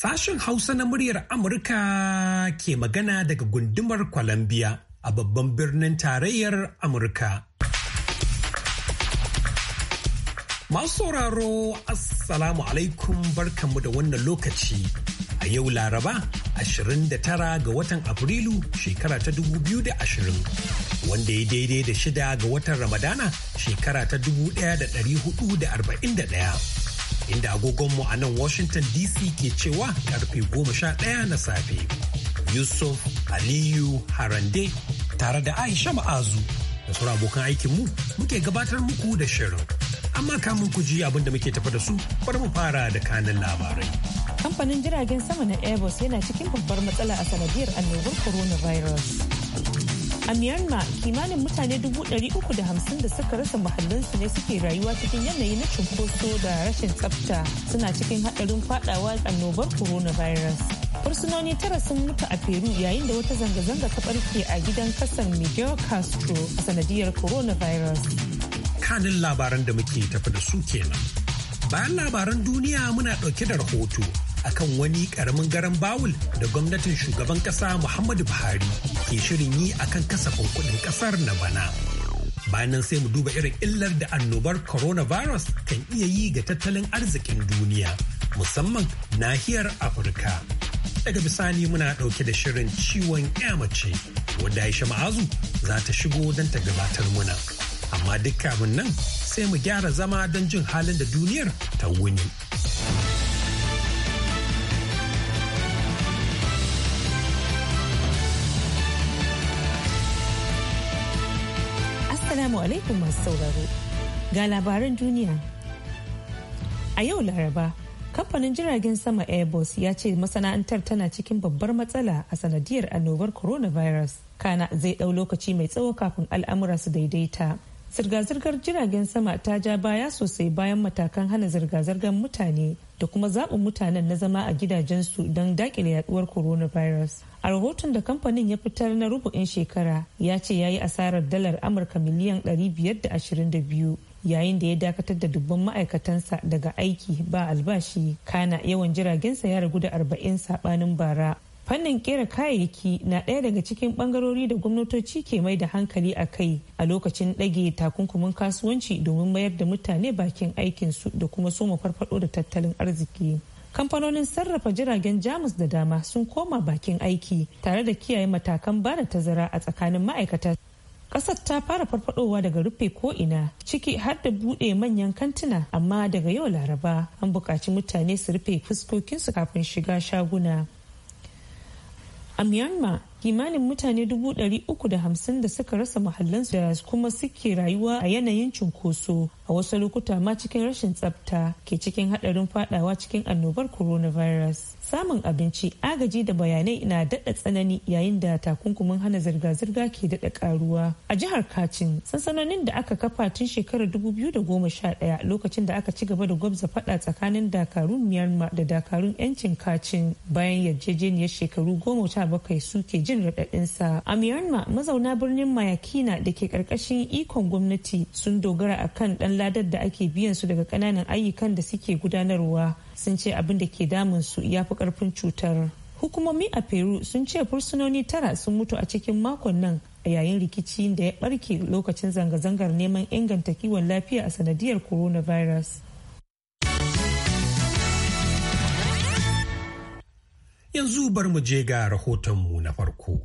Sashen Hausa na muryar Amurka ke magana daga gundumar Columbia a babban birnin tarayyar Amurka. Masu sauraro Assalamu alaikum barkanmu da wannan lokaci. A yau Laraba 29 ga watan Afrilu shekara ta 2020 wanda ya daidai da shida ga watan Ramadana shekara ta 1441. inda agogonmu a nan Washington DC ke cewa karfe goma sha ɗaya na safe. Yusuf Aliyu Harande tare da Aisha Ma'azu da sauran abokan aikinmu muke gabatar muku da shirin. Amma kamun ku ji abin muke tafa da su bari mu fara da kanan labarai. Kamfanin jiragen sama na Airbus yana cikin babbar matsala a sanadiyar annobar coronavirus. A Myanmar kimanin mutane dubu ɗari uku da hamsin da suka rasa muhallinsu ne suke rayuwa cikin yanayi na cunkoso da rashin tsafta suna cikin haɗarin fadawa annobar coronavirus. Fursunoni tara sun mutu a Peru yayin da wata zanga-zanga ta barke a gidan kasar Miguel Castro a sanadiyar coronavirus. Kanin labaran da muke tafi da su kenan. Bayan labaran duniya muna ɗauke da rahoto akan wani karamin garan bawul da gwamnatin shugaban kasa Muhammadu Buhari ke shirin yi akan kasafin kuɗin kasar na bana. Bayanan sai mu duba irin illar da annobar coronavirus kan iya yi ga tattalin arzikin duniya, musamman nahiyar Afirka. Daga bisani muna ɗauke da shirin ciwon mace wadda shama azu za ta shigo don ta gabatar muna. Amma duk nan sai mu gyara zama don jin halin da duniyar ta wuni. Assalamu alaikum masu sauraro. Ga labaran duniya. A yau Laraba, kamfanin jiragen sama Airbus ya ce masana'antar tana cikin babbar matsala a sanadiyar annobar coronavirus. Kana zai ɗau lokaci mai tsawo kafin al'amura su daidaita. Zirga-zirgar jiragen sama ta ja baya sosai bayan matakan hana zirga-zirgar mutane da kuma zaɓin mutanen na zama a gidajensu don daƙile yaduwar coronavirus. a rahoton da kamfanin ya fitar na rubu'in shekara ya ce ya yi asarar dalar amurka miliyan 522 yayin da ya dakatar da dubban ma'aikatansa daga aiki ba albashi kana yawan jiragensa ya ragu da 40 sabanin bara fannin kera kayayyaki na ɗaya daga cikin ɓangarori da gwamnatoci ke mai da hankali a kai a lokacin ɗage takunkumin kasuwanci domin mayar da mutane bakin aikinsu da kuma soma farfado da tattalin arziki kamfanonin sarrafa jiragen jamus da dama sun koma bakin aiki tare da kiyaye matakan bada tazara a tsakanin ma'aikata ƙasar ta fara farfadowa daga rufe ko'ina ciki har da buɗe manyan kantuna amma daga yau laraba an buƙaci mutane su rufe fuskokinsu kafin shiga shaguna a myanmar kimanin mutane dubu ɗari uku da hamsin da suka rasa mahallansu da kuma suke rayuwa a yanayin cunkoso a wasu lokuta ma cikin rashin tsafta ke cikin haɗarin faɗawa cikin annobar coronavirus samun abinci agaji da bayanai na daɗa tsanani yayin da takunkumin hana zirga-zirga ke daɗa karuwa a jihar kacin sansanonin da aka kafa tun shekarar 2011 lokacin da aka ci gaba da gwabza faɗa tsakanin dakarun myanmar da dakarun yancin kacin bayan yarjejeniyar shekaru goma sha bakwai suke jin raɗaɗinsa a myanmar mazauna birnin mayakina da ke ƙarƙashin ikon gwamnati sun dogara a kan ɗan ladar da ake biyan su daga ƙananan ayyukan da suke gudanarwa sun ce abin da ke damun su ya fi karfin cutar hukumomi a peru sun ce fursunoni tara sun mutu a cikin makon nan a yayin rikici da ya barke lokacin zanga-zangar neman inganta kiwon lafiya a sanadiyar coronavirus yanzu bar mu je ga rahotonmu na farko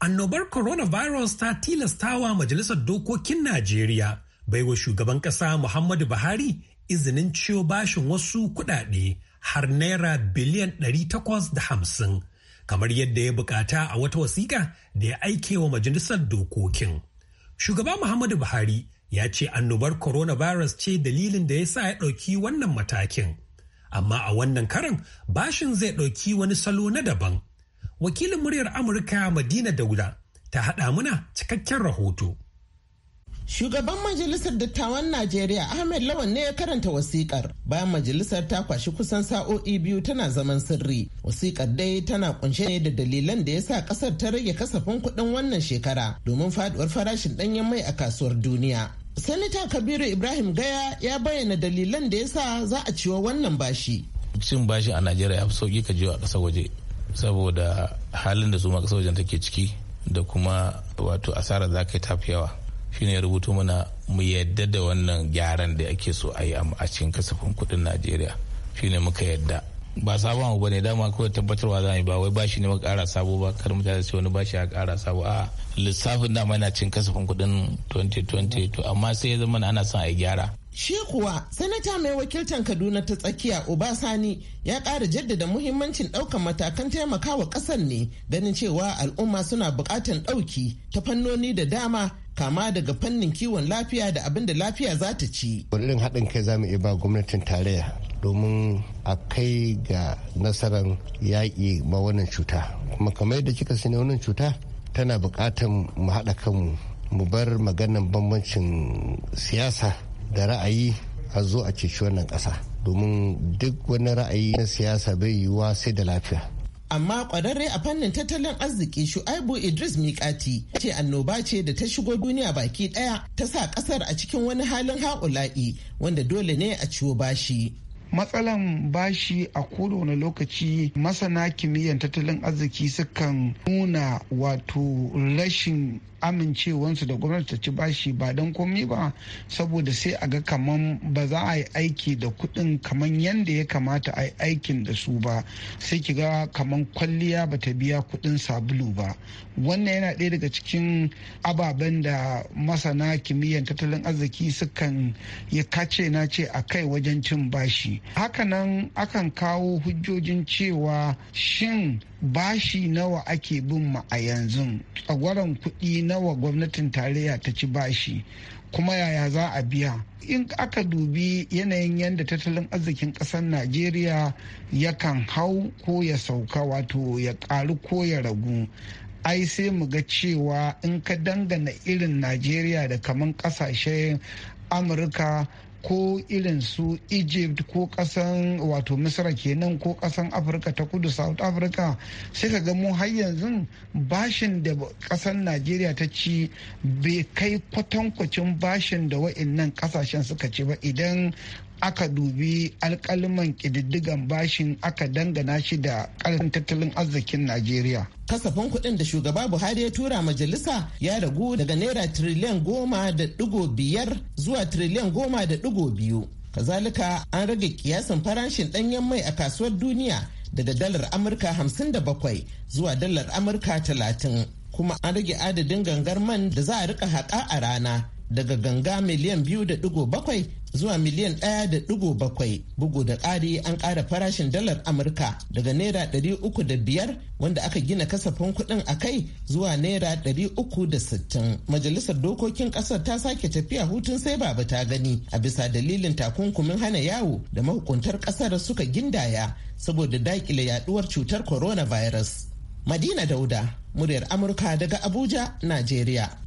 annobar coronavirus ta tilastawa majalisar dokokin najeriya baiwa shugaban kasa muhammadu buhari izinin ciyo bashin wasu kudade har naira biliyan 850 kamar yadda ya bukata a wata wasiƙa da ya aike wa majalisar dokokin. Shugaba Muhammadu Buhari ya ce annobar coronavirus ce dalilin da ya sa ya ɗauki wannan matakin. Amma a wannan karan bashin zai ɗauki wani salo na daban. Wakilin muryar Amurka Madina Dauda ta haɗa muna cikakken rahoto. Shugaban Majalisar Dattawan Najeriya Ahmed Lawan ne ya karanta wasikar bayan majalisar ta kwashi kusan sa'o'i biyu tana zaman sirri. Wasikar dai tana kunshe ne da dalilan da ya sa kasar ta rage kasafin kuɗin wannan shekara domin faduwar farashin ɗanyen mai a kasuwar duniya. sanita Kabiru Ibrahim Gaya ya bayyana dalilan da ya sa za a ciwo wannan bashi. Cin bashi a Najeriya ya fi sauƙi ka je a ƙasar waje saboda halin da su ma ƙasar wajen take ciki da kuma wato asara za ka yi tafi yawa. shine ya rubuto mana mu yadda da wannan gyaran da ake so a yi a cikin kasafin kuɗin najeriya shine muka yadda ba sabon abu ne dama kawai tabbatarwa za a yi ba wai bashi ne muka ƙara sabo ba kar mutane su wani bashi ya kara sabo a lissafin dama yana cin kasafin kuɗin 2020 to amma sai ya zama ana son a yi gyara Shi kuwa, Sanata mai wakiltar Kaduna ta tsakiya Obasani ya ƙara jaddada muhimmancin ɗaukan matakan taimakawa ƙasar ne ganin cewa al'umma suna buƙatar ɗauki ta fannoni da dama kama daga fannin kiwon lafiya da abin da lafiya za ta ci. Wani haɗin kai za mu iya ba gwamnatin tarayya domin a kai ga nasarar yaƙi ma wannan cuta. Kuma kamar yadda kika sani wannan cuta tana buƙatar mu haɗa kanmu mu bar maganan bambancin siyasa da ra'ayi a zo a ceci wannan ƙasa domin duk wani ra'ayi na siyasa bai yiwuwa sai da lafiya amma kwararre a fannin tattalin arziki shu'aibu idris mikati ce annoba ce da ta shigo duniya baki daya ta sa kasar a cikin wani halin haƙula'i wanda dole ne a ciwo bashi matsalan bashi a kowane lokaci masana kimiyyar tattalin arziki sukan nuna wato rashin amincewansu da gwamnati ta ci bashi ba don komai ba saboda sai a ga kaman ba za a yi aiki da kuɗin kaman yadda ya kamata a yi aikin da su ba sai ki ga kaman kwalliya ba ta biya kuɗin sabulu ba wannan yana ɗaya daga cikin ababen da masana kimiyyar tattalin arziki sukan yi kace na ce a kai wajen cin bashi hakanan akan kawo hujjojin cewa shin bashi nawa ake bin ma a yanzu tsagwaron kuɗi nawa gwamnatin tarayya ta ci bashi kuma yaya za a biya in aka dubi yanayin yadda tattalin arzikin ƙasar najeriya yakan hau ko ya sauka wato ya ƙaru ko ya ragu ai sai mu ga cewa in ka dangana irin najeriya da kaman ƙasashen amurka ko irin su egypt ko kasan wato misra kenan ko kasan afirka ta kudu south africa sai ka ga mu har yanzu bashin da kasan najeriya ta ci bai kai kwatankwacin bashin da wa'annan kasashen suka ci ba idan aka dubi alkaliman kididdigan bashin aka dangana shi da karin tattalin arzikin Najeriya. Kasafin kuɗin da shugaba Buhari ya tura majalisa ya ragu daga naira triliyan goma da ɗigo biyar zuwa triliyan goma da ɗigo biyu. Kazalika an rage kiyasin farashin ɗanyen mai a kasuwar duniya daga dalar Amurka hamsin da bakwai zuwa dalar Amurka talatin, Kuma an rage adadin gangar man da za a rika haƙa a rana daga ganga miliyan biyu da ɗigo bakwai zuwa miliyan ɗaya da ɗigo bakwai bugu da ƙari an ƙara farashin dalar amurka daga naira ɗari uku da biyar wanda aka gina kasafin kuɗin a kai zuwa naira ɗari uku da sittin majalisar dokokin ƙasar ta sake tafiya hutun sai baba ta gani a bisa dalilin takunkumin hana yawo da mahukuntar ƙasar suka gindaya saboda daƙile yaɗuwar cutar coronavirus madina dauda muryar amurka daga abuja najeriya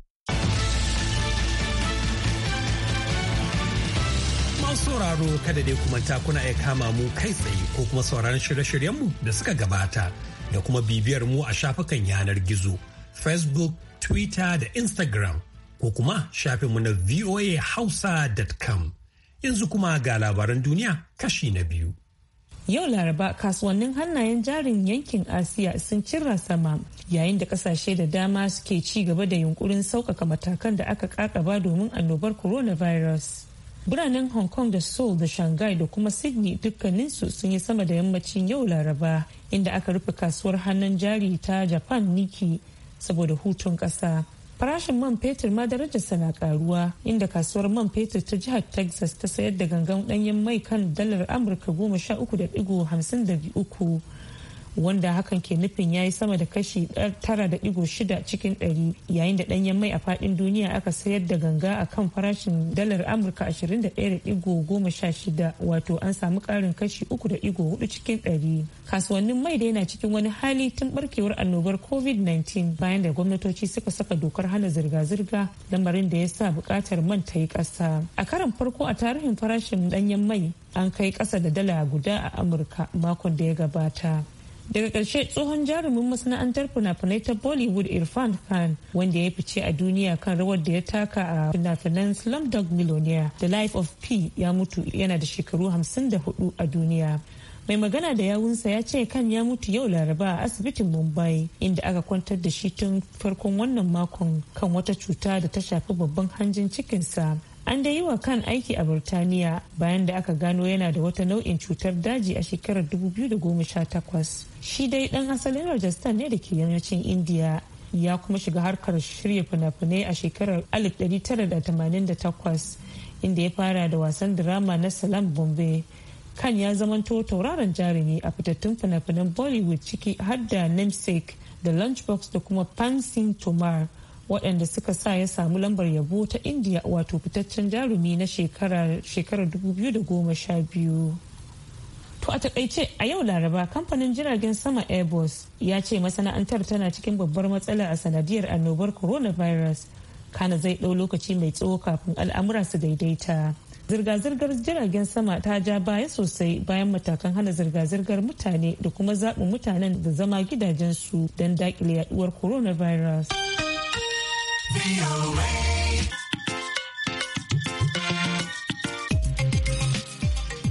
Masu sauraro kada dai kuma ta kuna iya kama mu kai tsaye ko kuma sauraron shirye-shiryenmu da suka gabata da kuma bibiyar mu a shafukan yanar gizo Facebook, Twitter da Instagram ko kuma mu na voahausa.com. Yanzu kuma ga labaran duniya kashi na biyu. Yau Laraba kasuwannin hannayen jarin yankin Asiya sun cira sama yayin da kasashe da dama suke ci gaba da yunkurin sauƙaƙa matakan da aka ƙaƙaba domin annobar coronavirus. biranen hong kong da seoul da shanghai da kuma sydney dukkaninsu sun yi sama da yammacin yau laraba inda aka rufe kasuwar hannun jari ta japan niki saboda hutun ƙasa farashin man fetur ma darajarsa na karuwa inda kasuwar man fetur ta jihar texas ta sayar da gangan danyen mai kan dalar amurka goma sha uku da wanda hakan ke nufin ya yi sama da kashi 9.6 cikin 100 yayin da danyen mai a fadin duniya aka sayar da ganga a kan farashin dalar amurka 21.16 wato an samu ƙarin kashi 3.4 cikin 100 kasuwannin mai da yana cikin wani hali tun barkewar annobar covid-19 bayan da gwamnatoci suka saka dokar hana zirga-zirga lamarin da ya sa bukatar man ta yi kasa a karan farko a tarihin farashin danyen mai an kai kasa da dala guda a amurka makon da ya gabata daga ƙarshe tsohon jarumin masana'antar fina-finai ta bollywood irfan khan wanda ya fice a duniya kan rawar da ya taka a fina-finan slumdog millionaire the life of p ya mutu yana da shekaru 54 a duniya mai magana da yawunsa ya ce kan ya mutu yau laraba a asibitin mumbai inda aka kwantar da shi tun farkon wannan makon kan wata cuta da ta shafi babban hanjin cikinsa an da yi wa kan aiki a burtaniya bayan da aka gano yana da wata nau'in cutar daji a shekarar 2018 shi dai dan asalin rajasthan ne da ke yammacin indiya ya kuma shiga harkar shirya fina-finai a shekarar 1988 inda ya fara da wasan drama na salam bombay kan ya zamanto tauraron jarumi a fitattun fina-finan bollywood ciki har da namesake da lunchbox da kuma pansin tomar waɗanda suka sa ya samu lambar yabo ta indiya wato fitaccen jarumi na shekarar 2012 To a takaice a yau laraba kamfanin jiragen sama Airbus ya ce masana'antar tana cikin babbar matsala a sanadiyar annobar coronavirus kana zai ɗau lokaci mai tsawo kafin al'amura su daidaita. Zirga-zirgar jiragen sama ta ja baya sosai bayan matakan hana zirga-zirgar mutane da kuma zaɓin mutanen da zama gidajensu don daƙile yaduwar coronavirus.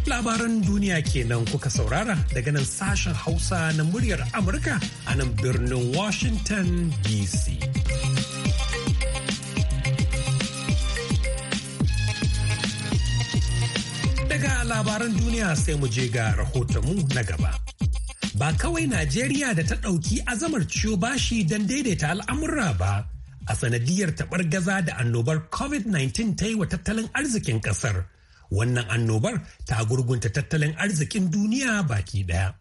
Labaran duniya kenan kuka saurara daga nan sashen Hausa na muryar Amurka a nan birnin Washington DC. Daga labaran duniya sai mu je ga rahotonmu na gaba. Ba kawai Najeriya da ta ɗauki azamar ciyo bashi don daidaita al'amura ba. a sanadiyar taɓar gaza da annobar covid-19 ta yi wa tattalin arzikin ƙasar wannan annobar ta gurgunta tattalin arzikin duniya baki ɗaya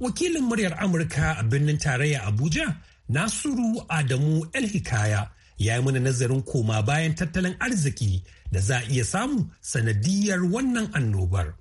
wakilin muryar amurka a birnin tarayya abuja nasiru adamu el hikaya ya yi mana nazarin koma bayan tattalin arziki da za a iya samu sanadiyar wannan annobar.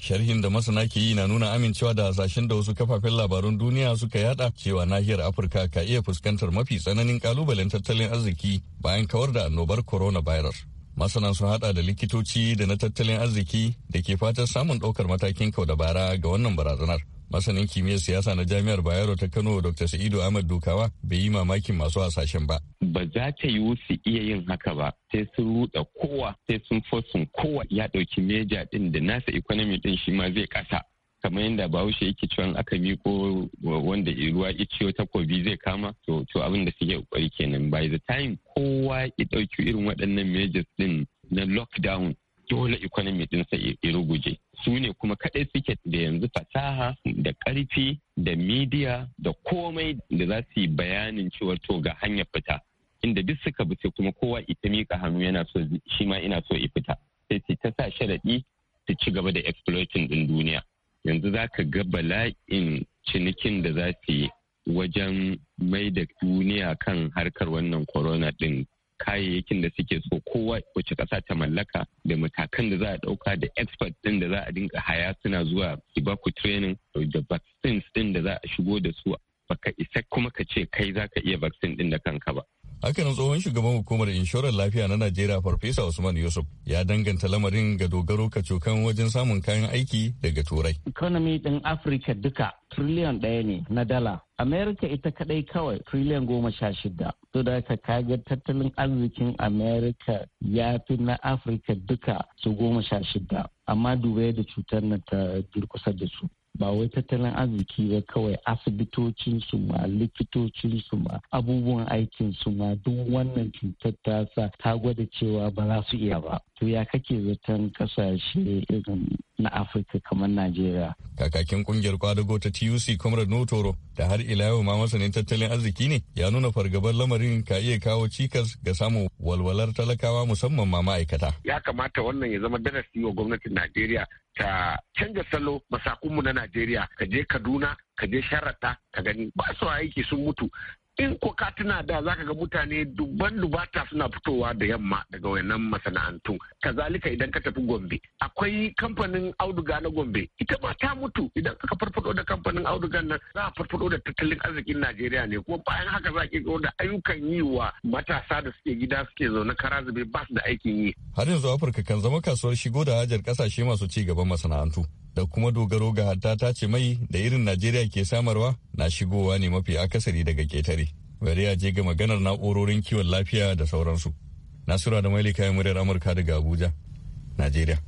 sharhin da masana ke yi na nuna amincewa da hasashen da wasu kafafen labarun duniya suka yada cewa nahiyar afirka ka iya fuskantar mafi tsananin kalubalen tattalin arziki bayan kawar da annobar coronavirus masana sun hada da likitoci da na tattalin arziki da ke fatan samun ɗaukar matakin kau da bara ga wannan barazanar masanin kimiyyar siyasa na jami'ar bayero ta kano dr sa'idu ahmad dukawa bai yi mamakin masu hasashen ba ba za ta yi su iya yin haka ba sai sun ruɗa kowa sai sun fosun kowa ya ɗauki meja ɗin da nasa economy ɗin shi ma zai kasa kamar yadda bahaushe yake cewa aka miko wanda ruwa iciyo takobi zai kama to to abin da suke kokari kenan by the time kowa ya ɗauki irin waɗannan measures ɗin na lockdown dole economy dinsa ya ruguje su ne kuma kadai suke da yanzu fasaha da karfi da midiya da komai da za su yi bayanin cewa to ga hanyar fita inda duk suka bi sai kuma kowa ita miƙa hannu yana so shi ma ina so i fita sai su ta sa sharaɗi su ci gaba da exploiting din duniya yanzu za ka ga bala'in cinikin da za su yi wajen mai da duniya kan harkar wannan corona din. kayayyakin da suke so kowa wace ƙasa ta mallaka da matakan da za a ɗauka da expert ɗin da za a dinga haya suna zuwa ibaku training da vaccines ɗin da za a shigo da su baka isa kuma ka ce kai za ka iya vaccine din da kanka ba Hakanan tsohon shugaban hukumar inshorar lafiya na Najeriya Farfesa Usman Yusuf ya danganta lamarin ga dogaro kacokan wajen samun kayan aiki daga Turai. Economy din Afirka duka triliyan ɗaya ne na dala. Amerika ita kadai kawai triliyan goma sha shida. To da ka kaga tattalin arzikin Amerika ya fi na Afirka duka su goma sha shida. Amma dubai da cutar na ta durkusar da su. ba wai tattalin arziki ba kawai asibitocin su ma likitocin su ma abubuwan aikin su ma duk wannan cutar ta sa ta gwada cewa ba za su iya ba to ya kake zaton kasashe irin na afirka kamar najeriya kakakin kungiyar kwadago ta tuc comrade notoro da har ila yau ma masanin tattalin arziki ne ya nuna fargabar lamarin ka iya kawo cikas ga samun walwalar talakawa musamman ma ma'aikata ya kamata wannan ya zama darasi wa gwamnatin najeriya ta canza salo masakunmu na najeriya ka je kaduna ka je sharata ka gani ba su aiki sun mutu in ko ka tuna da ka ga mutane dubban dubata suna fitowa da yamma daga wannan masana'antu kazalika idan ka tafi gombe akwai kamfanin auduga na gombe ita ma ta mutu idan aka farfado da kamfanin audugan nan za a farfado da tattalin arzikin najeriya ne kuma bayan haka za ki zo da ayyukan yi wa matasa da suke gida suke zaune kara zube ba su da aikin yi har yanzu afirka kan zama kasuwar shigo da hajar kasashe masu ci gaban masana'antu da kuma dogaro ga hatta tace mai da irin Najeriya ke samarwa na shigowa ne mafi akasari daga ketare. Bari a je ga maganar na'urorin kiwon lafiya da sauransu. Nasura da Maili kayan muryar Amurka daga Abuja, Najeriya.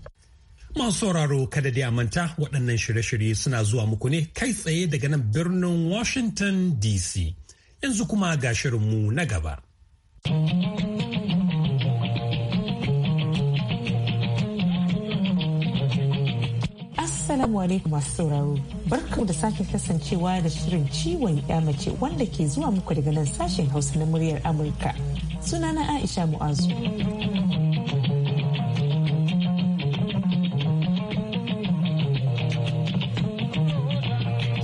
Masu sauraro kada dai manta waɗannan shirye-shirye suna zuwa muku ne kai tsaye daga nan birnin Washington DC. Yanzu kuma ga shirinmu na gaba. Assalamu alaikum masu sauraro. Barkamu da sake kasancewa da shirin ciwon ya mace wanda ke zuwa muku daga nan sashen Hausa na muryar Amurka. na Aisha Mu'azu.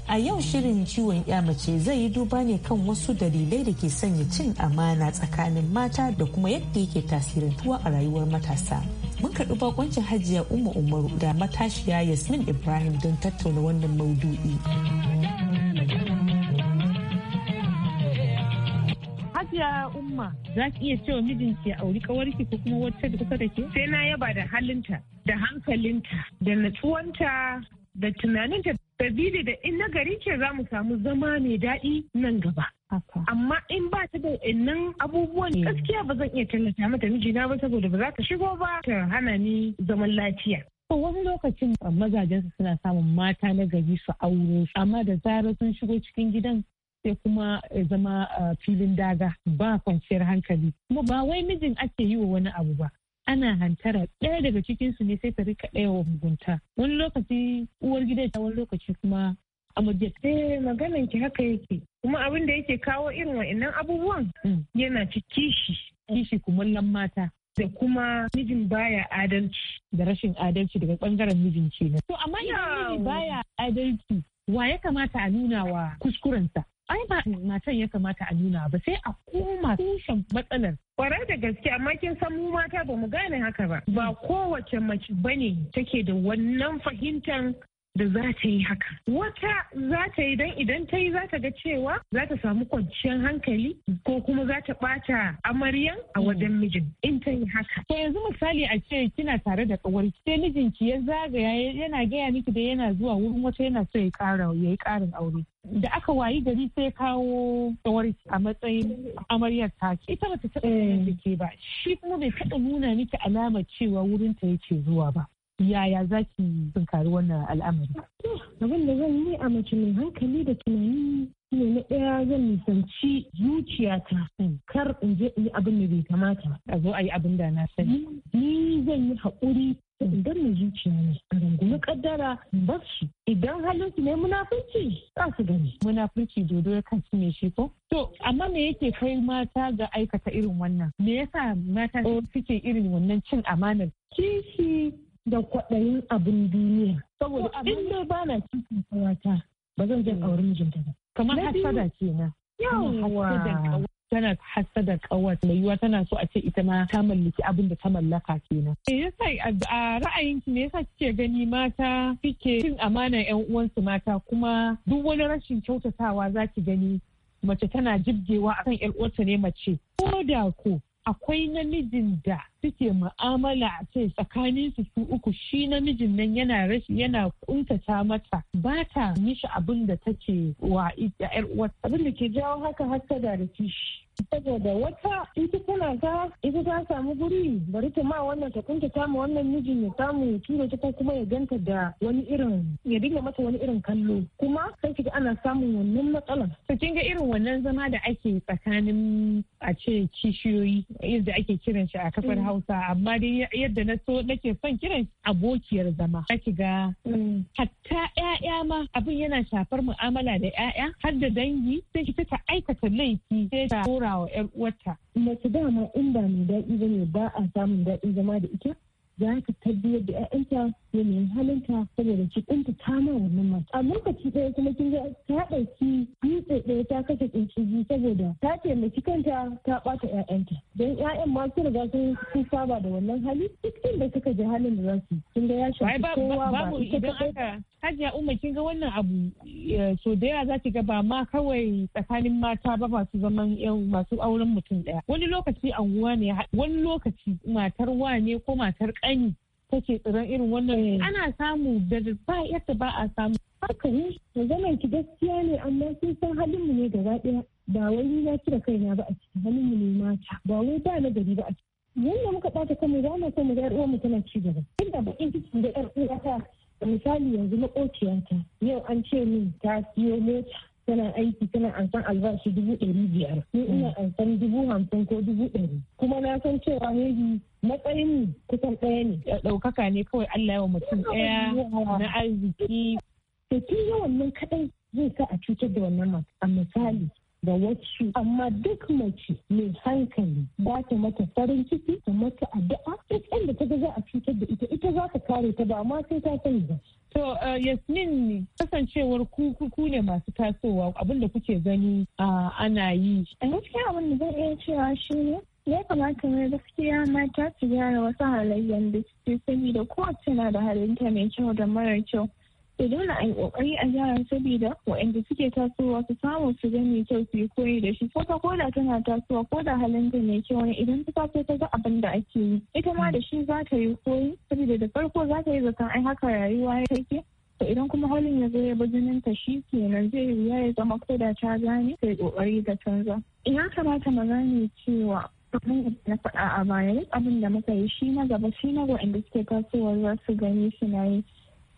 A yau shirin ciwon ya mace zai yi duba ne kan wasu dalilai da ke sanya cin amana tsakanin mata da kuma yadda yake tasirantuwa a rayuwar matasa. mun karɓi bakoncin hajiya umma umaru da matashiya yasmin ibrahim don tattauna wannan maudu'i hajiya umma za ki iya cewa mijinki ya auri kawarki ko kuma wacce da kusa da ke sai na yaba da halinta da hankalinta da natsuwanta da tunaninta sabili da in nagari ce za mu samu zama mai daɗi nan gaba. Amma in ba ta da innan abubuwan eh. gaskiya ba zan iya tallata mata mijina ba saboda ba za ka shigo ba ta hana ni zaman lafiya. wani lokacin su suna samun mata na gari su aure amma da zarar sun shigo cikin gidan sai kuma eh, zama filin daga ba kwanciyar hankali kuma ba wai mijin ake yi wa wani abu ba ana hantara ɗaya daga cikin su ne sai ta rika ɗaya wa mugunta wani lokaci uwar gida ta wani lokaci kuma amurje eh maganan ki haka yake kuma abin da yake kawo irin wa'annan abubuwan mm. yana ci kishi kishi kumallon mata da kuma mijin baya adalci da rashin adalci daga bangaren mijin kenan to amma idan baya adalci wa ya kamata a nuna wa kuskurensa ai ba matan ya kamata a nuna ba sai a koma tushen matsalar kwarar da gaske amma kin san mu mata ba mu gane haka ba mm. ba kowace mace bane take da wannan fahimtar da za ta yi haka. Wata za ta yi don idan ta yi za ta ga cewa za ta samu kwanciyar hankali ko kuma za ta ɓata amaryan a wajen hmm. mijin in ta yi haka. To yanzu misali a ce kina tare da kawar sai mijinki ya zagaya yana gaya miki da yana zuwa wurin wata yana so ya ƙara ya yi ƙarin aure. Da aka wayi gari sai kawo kawar a matsayin amaryar ta eh. ke. ita bata taɓa nuna ba shi kuma bai taɓa nuna miki alamar cewa wurin ta yake zuwa ba. yaya za ki tunkari wannan al'amari? Abin da zan yi a mace mai hankali da tunani shine na ɗaya zan nisanci zuciyata kar in je in yi abin da bai kamata. A zo a yi abin da na sani. Ni zan yi haƙuri in na zuciya ne a rungumi kaddara in bar shi idan halin su ne munafunci za su gani. Munafunci dodo ya kan cime shi ko? To amma me yake kai mata ga aikata irin wannan? Me yasa mata oh. suke irin wannan cin amanar? Kishi da kwaɗayin abin duniya. Saboda abin da ba na cikin kawata ba zan jan mm. aure mijinta ba. Kamar hasada ce na. Yawwa. Tana hasada kawar mai yiwuwa tana so a ce ita ma ta mallaki abin da ta mallaka kenan. Me yasa a ra'ayinki me yasa kike gani mata kike cin amanar yan uwansu mata kuma duk wani rashin kyautatawa zaki gani mace tana jibgewa akan yan uwarta ne mace. Ko da ko akwai namijin da suke mu'amala a ce tsakanin su su uku shi namijin nan yana rashi yana kuntata mata ba ta mishi abin da take wa yar uwa abin da ke jawo haka hasada da kishi saboda wata ita tana ta ita ta samu guri bari ta ma wannan ta kunta ta ma wannan mijin ya samu ya tura ta ko kuma ya ganta da wani irin ya dinga mata wani irin kallo kuma sai kiga ana samun wannan matsalar to kin ga irin wannan zama da ake tsakanin a ce kishiyoyi yadda ake kiran shi a kafar mm. Hausa amma dai yadda na so nake son kiran abokiyar zama ki ga mm. hatta ƴaƴa ma abin yana shafar mu'amala da ƴaƴa har da dangi sai ki ta aikata laifi sai ta ɗora wa 'yar uwarta mace dama in mai daɗi ba ba a samun daɗin zama da ita za ka tabbiyar da 'ya'yanta yanayin halinta saboda cikinta ta ma wannan mace a lokaci ɗaya kuma kin ga ta ɗauki dutse ɗaya ta kashe tsintsiji saboda ta taimaki kanta ta ɓata 'ya'yanta don 'ya'yan ma su riga sun saba da wannan hali duk inda suka ji halin da za su kin ga ya shafi kowa ba idan aka Hajiya Umar kin ga wannan abu so da yawa za ki ga ba ma kawai tsakanin mata ba masu zaman yan masu auren mutum ɗaya wani lokaci anguwa ne wani lokaci matar wa ne ko matar ƙa kankani take tsiron irin wannan ana samu da ba yadda ba a samu haka ne maganar ki gaskiya ne amma sun san halin mu ne gaba daya ba wai na kira kaina ba a ciki halin mu ne mata ba wai ba na gari ba a ciki yanda muka bata kanmu za mu so mu ga yar tana ci gaba inda bakin cikin da yar uwa ta misali yanzu makociyata yau an ce min ta siyo mota tana aiki tana san albashi dubu ɗari biyar ni ina mm. san dubu hamsin ko dubu ɗari kuma na san cewa maybe matsayin kusan ɗaya ne ɗaukaka ne kawai Allah yawa mutum ɗaya na arziki da tun yawan nan kaɗai zai sa a cutar da wannan a misali da wasu amma duk mace mai hankali ba ta mata farin ciki ta mata addu'a duk inda ta ga za a cutar da ita ita za ta kare ta ba ma sai ta sani ba To uh, yasmin ne. kasancewar ku ne masu tasowa abinda kuke gani uh, ana yi. A eh, gaskiya abin da zan iya cewa shi ne ya kamata mai gaskiya mata su gyara wasu halayyar da sani da kowace na da halinta mai kyau da mara kyau. to dole a yi kokari a jihar saboda waɗanda suke tasowa su samu su gani kyau su yi koyi da shi ko ta koda tana tasowa ko da halin ta mai kyau ne idan ta taso ta ga abin da ake yi ita ma da shi za ta yi koyi saboda da farko za ta yi zaton ai haka rayuwa ya take to idan kuma halin ya zo ya jinin ta shi kenan zai wuya ya zama ko da ta gane yi kokari da canza ina kamata mu gane cewa abin na faɗa a baya abin da muka yi shi na gaba shi na waɗanda suke tasowa za su gani suna yi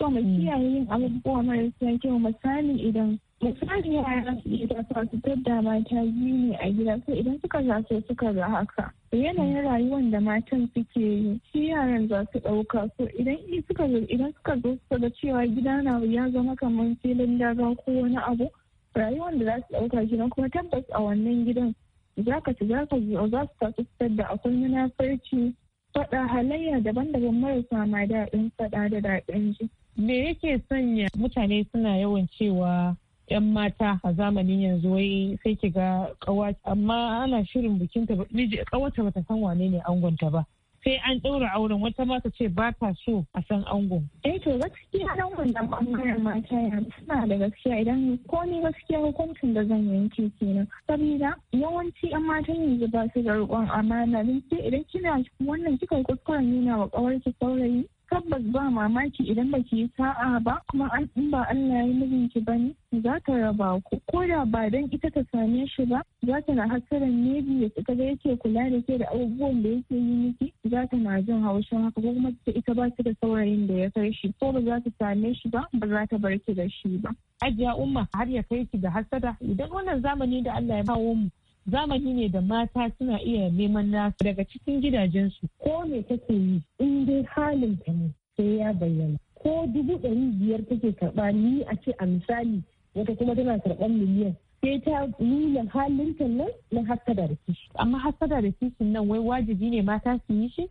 so mu mm. kiyaye yin abubuwa marasa kyau misali idan misali yaran gida fa su tadda mata biyu ne a gida sai idan suka su suka ga haka yanayin mm. rayuwar da matan suke yi shi yaran za su ɗauka so idan suka zo idan suka zo suka ga cewa gida na ya zama kamar filin daga ko wani abu rayuwar da za su ɗauka shi kuma tabbas a wannan gidan za ka ci za ka zo za su tafi fitar da akwai munafarci faɗa halayya daban-daban marasa ma daɗin faɗa da daɗin ji me yake sanya mutane suna yawan cewa 'yan mata a zamanin yanzu wai sai ki ga kawa amma ana shirin bikin ta miji kawata bata san wane ne angonta ba sai an ɗaura auren wata mata ce ba ta so a san angon. Eh to gaskiya dan da bangaren mata ya suna da gaskiya idan ko ni gaskiya hukuncin da zan yanke kenan. Saboda yawanci yan mata yanzu ba su da riƙon amana don sai idan kina wannan kika kuskuren nuna wa kawarki saurayi tabbas ba mamaki idan ba ki yi sa'a ba kuma in ba Allah ya mijinki ba ne za ta raba ku ko da ba dan ita ta same shi ba za ta na hasaran biyu da ta ga yake kula da ke da abubuwan da yake yi miki za ta na jin haushin haka ko kuma ta ita ba ta da saurayin da ya kai shi ko ba za ta same shi ba ba za ta bar ki da shi ba. Ajiya umma har ya kai ki da hasada idan wannan zamani da Allah ya kawo mu zamani ne da mata suna iya neman nasu daga cikin gidajensu ko me take yi in dai halin ta ne sai ya bayyana ko dubu ɗari biyar take karɓa ni a ce a misali wata kuma tana karɓar miliyan sai ta nuna ta nan na hasada da kishi amma hasada da kishin nan wai wajibi ne mata su yi shi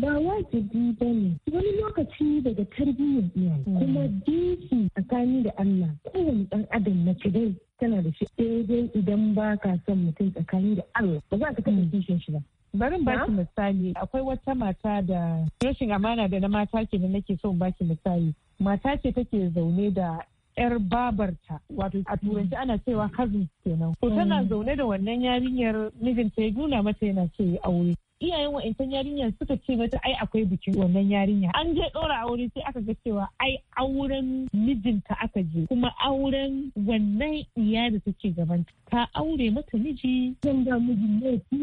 ba wajibi ba ne wani lokaci daga tarbiyyar iyali kuma dinki tsakani da Allah kowane ɗan adam na dai tana da shi sai idan ba ka son mutum tsakani da Allah ba za ka taɓa kishin shi ba. Barin baki misali akwai wata mata da rashin amana da na mata ke da nake son baki misali. Mata ce take zaune da yar babarta wato a turanci ana cewa cousin kenan. ko tana mm. zaune da wannan yarinyar mijinta ya nuna mata yana so ya aure. iyayen wa'ancan yarinyar suka ce mata ai akwai bikin wannan yarinya an je ɗora aure sai aka ga cewa ai auren mijinta aka je kuma auren wannan iya da take gaban ta aure mata miji zan ga mijin laifi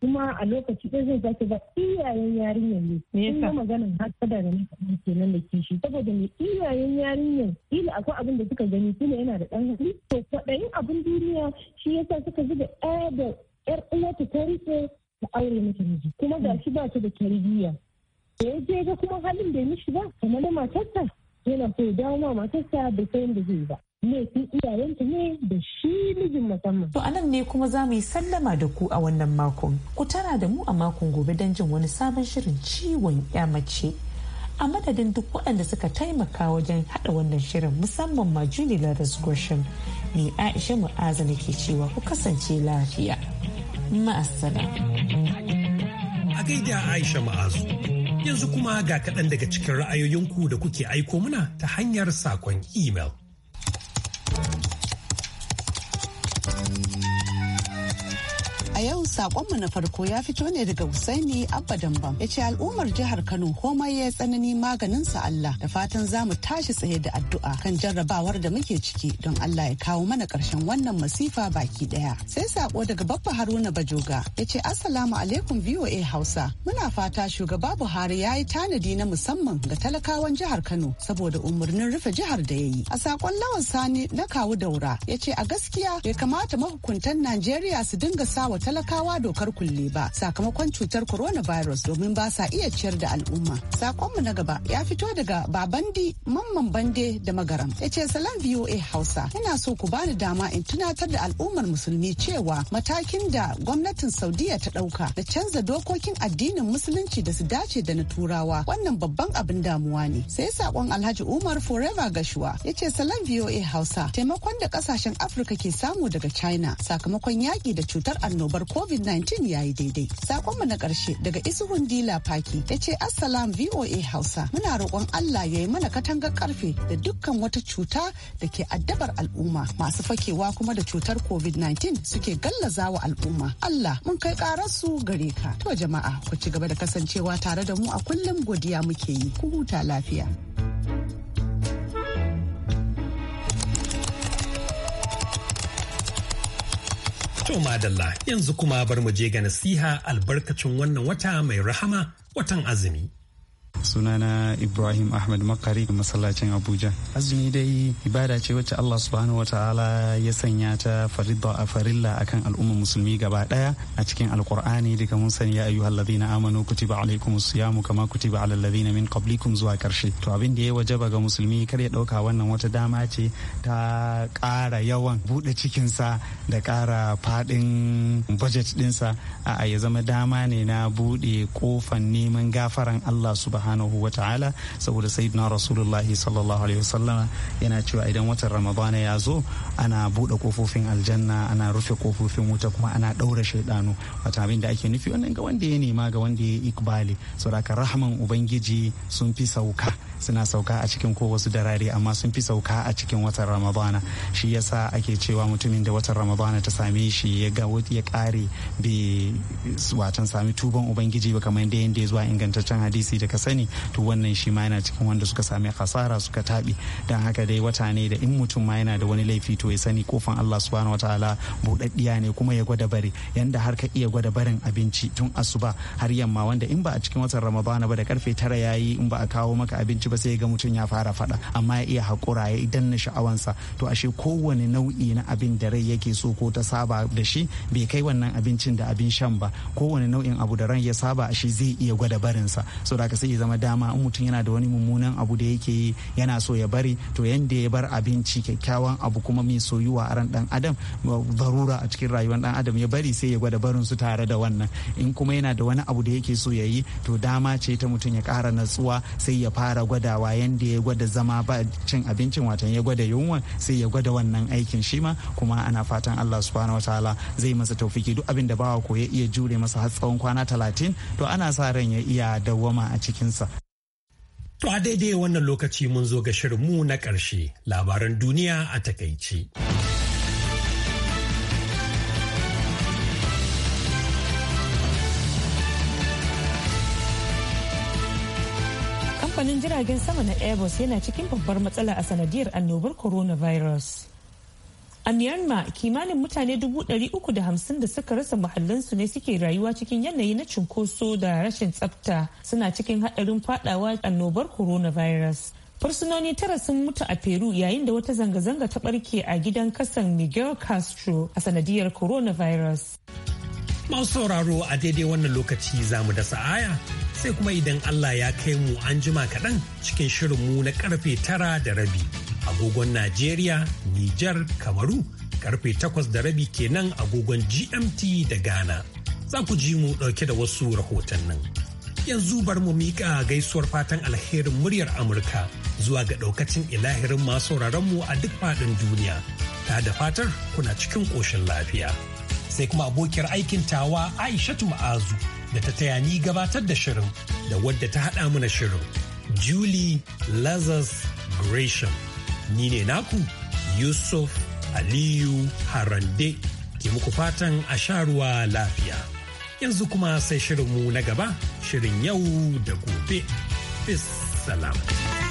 kuma a lokaci ɗaya zai zaki ba iyayen yarinyar ne me yasa maganin hasada da nake kenan da kishi saboda me iyayen yarinyar ila akwai abin da suka gani kuma yana da ɗan hali to kwaɗayin abin duniya shi yasa suka zuba ɗaya da yar uwa ta rike ta aure mata miji kuma hmm. ga shi ba ta da tarbiyya da ya je ga kuma halin da mishi ba kamar da matarsa yana so ya dawo ma matarsa da sayan da zai ba su iyayenta ne da shi mijin musamman. To anan ne kuma za mu yi sallama da ku a wannan makon. Ku tara da mu a makon gobe don jin wani sabon shirin ciwon ya mace. A madadin duk waɗanda suka taimaka wajen haɗa wannan shirin musamman ma Julie Ladas Gresham ne Aisha Mu'aza ke cewa ku kasance lafiya. ma'asala. A gaida Aisha Ma'azu, yanzu kuma ga kaɗan daga cikin ra'ayoyinku da kuke aiko muna ta hanyar saƙon imel. Sakonmu na farko ya fito ne daga Usaini Abba Dambam. Ya ce al'ummar jihar Kano komai ya tsanani maganin sa Allah da fatan za mu tashi tsaye da addu'a kan jarrabawar da muke ciki don Allah ya kawo mana karshen wannan masifa baki daya. Sai sako daga Babba Haruna Bajoga ya ce Assalamu alaikum VOA Hausa. Muna fata shugaba Buhari ya yi tanadi na musamman ga talakawan jihar Kano saboda umarnin rufe jihar da ya yi. A sakon lawan Sani na kawu Daura ya ce a gaskiya bai kamata mahukuntan Najeriya su dinga sawa talakawa hawa dokar kulle ba sakamakon cutar coronavirus domin ba sa iya ciyar da al'umma. Sakonmu na gaba ya fito daga Babandi Mamman Bande da Magaram. Ya ce salam VOA Hausa ina so ku ba bani dama in tunatar da al'ummar musulmi cewa matakin da gwamnatin Saudiya ta ɗauka da canza dokokin addinin musulunci da su dace da na turawa wannan babban abin damuwa ne. Sai sakon Alhaji Umar Forever Gashuwa ya ce salam VOA Hausa taimakon da kasashen Afirka ke samu daga China sakamakon yaƙi da cutar annobar covid COVID-19 ya yi daidai. Sakonmu na ƙarshe daga Isuhun Dila Faki ya ce Assalam VOA Hausa muna roƙon Allah ya yi mana katangar karfe da dukkan wata cuta da ke addabar al'umma masu fakewa kuma da cutar COVID-19 suke gallaza wa al'umma. Allah mun kai ƙararsu gare ka. To jama'a ku ci gaba da kasancewa tare da mu a kullum godiya muke yi. Ku huta lafiya. To madalla yanzu kuma bar mu je ga nasiha albarkacin wannan wata mai rahama watan azumi. sunana ibrahim ahmed makari masallacin abuja azumi dai ibada ce wacce allah subhanahu wataala ya sanya ta farilla a farilla akan al'umma musulmi gaba daya a cikin alkur'ani daga mun sani ya ayu alladhina amanu kutiba alaikum siyamu kama kutiba alal ladina min qablikum zuwa karshe to abin da ya wajaba ga musulmi kar ya dauka wannan wata dama ce ta kara yawan bude sa da kara fadin budget dinsa a'a ya zama dama ne na bude kofan neman gafaran Allah subhanahu subhanahu wa ta'ala saboda sayyidina rasulullahi sallallahu alaihi wasallam yana cewa idan watan ramadana ya zo ana bude kofofin aljanna ana rufe kofofin wuta kuma ana daura shaidanu wata abin da ake nufi wannan ga wanda ya nema ga wanda ya ikbali saboda rahman ubangiji sun fi sauka suna sauka a cikin ko wasu darare amma sun fi sauka a cikin watan ramadana shi yasa ake cewa mutumin da watan ramadana ta same shi ya ga ya kare bi watan sami tuban ubangiji ba kamar da yanda ya zuwa ingantaccen hadisi da ka sani to wannan shi ma yana cikin wanda suka sami kasara suka taɓi don haka dai wata ne da in mutum ma yana da wani laifi to ya sani kofan Allah subhanahu wataala buɗaɗɗiya ne kuma ya gwada bari yanda har ka iya gwada barin abinci tun asuba har yamma wanda in ba a cikin watan ramadana ba da karfe tara yayi in ba a kawo maka abinci ba sai ga mutum ya fara fada amma ya iya hakura ya idan na sha'awansa to ashe kowane nau'i na abin da rai yake so ko ta saba da shi bai kai wannan abincin da abin shan ba kowane nau'in abu da ran ya saba ashe zai iya gwada barinsa so da sai ya zama dama in mutum yana da wani mummunan abu da yake yi yana so ya bari to yanda ya bar abinci kyakkyawan abu kuma mai soyuwa a ran dan adam barura a cikin rayuwar dan adam ya bari sai ya gwada barin su tare da wannan in kuma yana da wani abu da yake so ya yi to dama ce ta mutum ya kara natsuwa sai ya fara gwadawa yanda ya gwada zama ba cin abincin watan ya gwada yunwa sai ya gwada wannan aikin shi ma kuma ana fatan Allah subhanahu wataala zai masa taufiki duk abin da bawa ko ya iya jure masa har tsawon kwana talatin to ana sa ran ya iya dawwama a cikinsa. To a daidai wannan lokaci mun zo ga shirinmu na ƙarshe labaran duniya a takaice. kamfanin jiragen sama na airbus yana cikin babbar matsala a sanadiyar annobar coronavirus a myanmar kimanin mutane 350 da suka rasa muhallinsu ne suke rayuwa cikin yanayi na cunkoso da rashin tsafta suna cikin haɗarin fadawa annobar coronavirus fursunoni tara sun mutu a peru yayin da wata zanga-zanga ta barke a gidan kasan miguel castro a sanadiyar coronavirus Masu sauraro a daidai wannan lokaci za mu da Sa'aya sai kuma idan Allah ya kai mu an jima kaɗan cikin shirinmu na karfe tara da rabi. Agogon Najeriya, Nijar, Kamaru, karfe takwas da rabi kenan agogon GMT da Ghana. Za ku ji mu ɗauke da wasu rahoton nan. Yanzu bar mu miƙa gaisuwar fatan alherin muryar Amurka zuwa ga ɗaukacin ilahirin masu mu a duk faɗin duniya. Ta da fatar kuna cikin ƙoshin lafiya. sai kuma abokiyar aikin tawa aishatu ma'azu da ta taya ni gabatar da shirin da wadda ta haɗa mana shirin julie lazarus gresham ni ne naku yusuf aliyu harande ke muku fatan a sharuwa lafiya yanzu kuma sai shirinmu na gaba shirin yau da gobe bis salam.